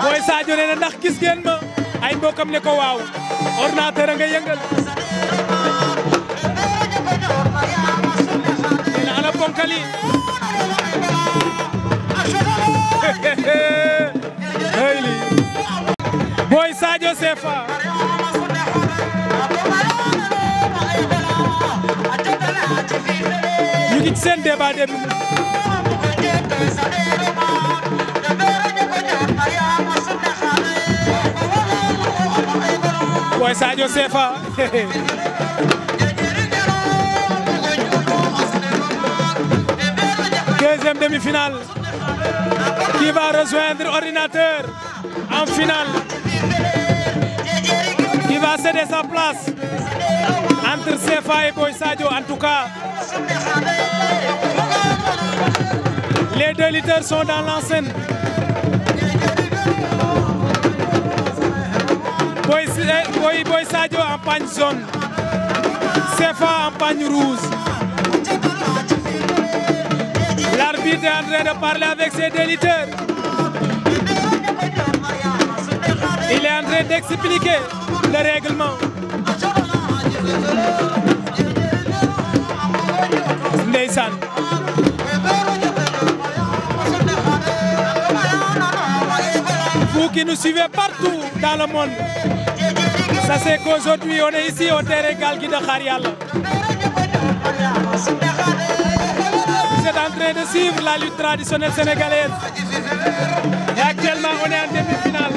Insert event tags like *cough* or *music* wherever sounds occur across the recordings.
Boy Sadio nee ndax gis ngeen ma ay mbokkam ne ko waaw ordinateur a nga yëngal nee na ana ponkali *laughs* hey li Boy seen débat qui va rejoindre ordinateur en finale qui va céder sa place entre Sefa et Boy en tout cas les deux lutteurs sont dans l'enceinte. Eh, Boy, Boy, Boy en panne jaune. Sefa en panne rouge. L'arbitre est en train de parler avec ses deux lutteurs. Il est en train d'expliquer le règlement. Ndeysaan qui nous suivaient partout dans le monde. Ça c'est qu'aujourd'hui on est ici au terrain Gaal Gui de Xaar de suivre la lutte traditionnelle sénégalaise. Et actuellement on est en demi-finale.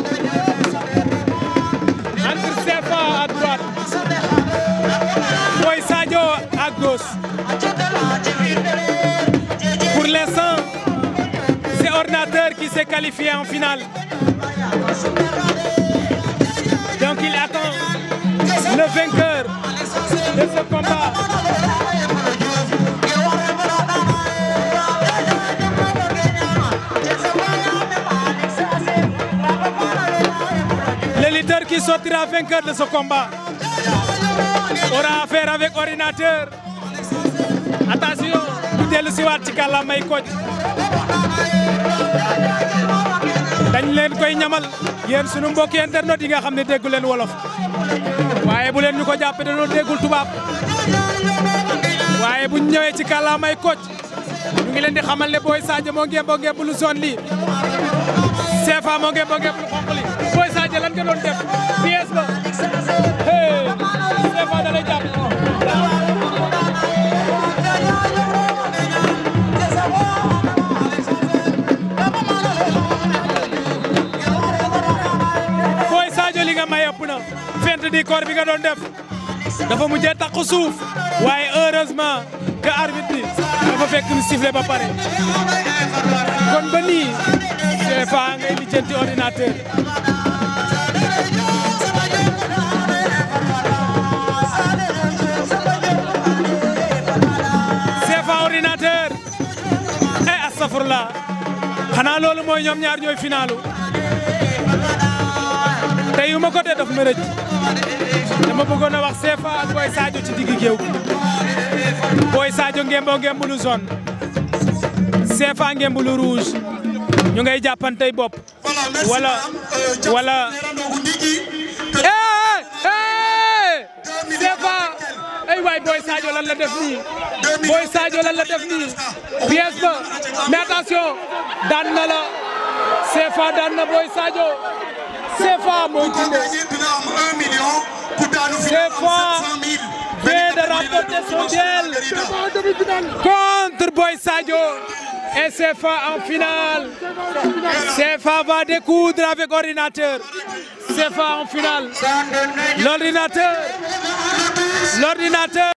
Entre Sefa à droite, Boy Sadio s'est le vainqueur qui sortira vainqueur de ce combat aura affaire avec ordinateur. Attention, bu dellu si waat ci kàllaamay coach. dañ leen koy ñamal yéen sunu mbokki internet yi nga xam ne déggu leen wolof waaye bu leen ñu ko jàppee dañoo déggul tubaab waaye bu ñu ci kàllaamay Kocc ñu ngi leen di xamal ne Boy Sadio moo ngi yemboo ngemb lu zone lii CFA moo ngi yemboo ngemb lu xonq li Boy Sadio lan nga doon def pièce ba. ni koor bi nga doon def dafa mujjee takku suuf waaye heureusement que arbitre bi dafa fekk mu sifflé ba pare kon ba nii CFA ngay lijjanti ordinateur CFA ordinateur eh astafurlah xanaa loolu mooy ñoom ñaar ñooy finalu te ma ko dee daf dama bëggoon a wax CFA ak Boy Sadio ci digg géew bi Boy ngemboo ngemb lu zone CFA ngemb ñu ngay jàppantey bopp wala wala eh, eh, eh! ay waay Boy Sadio lan la def nii Boy Sadio lan la def nii pièce ba mais attention daan na la CFA daan am 1 million ku daanu fi am de remporter son duel contre Boy Sadio et CFA en finale CFA va découdre avec ordinateur CFA en finale l'ordinateur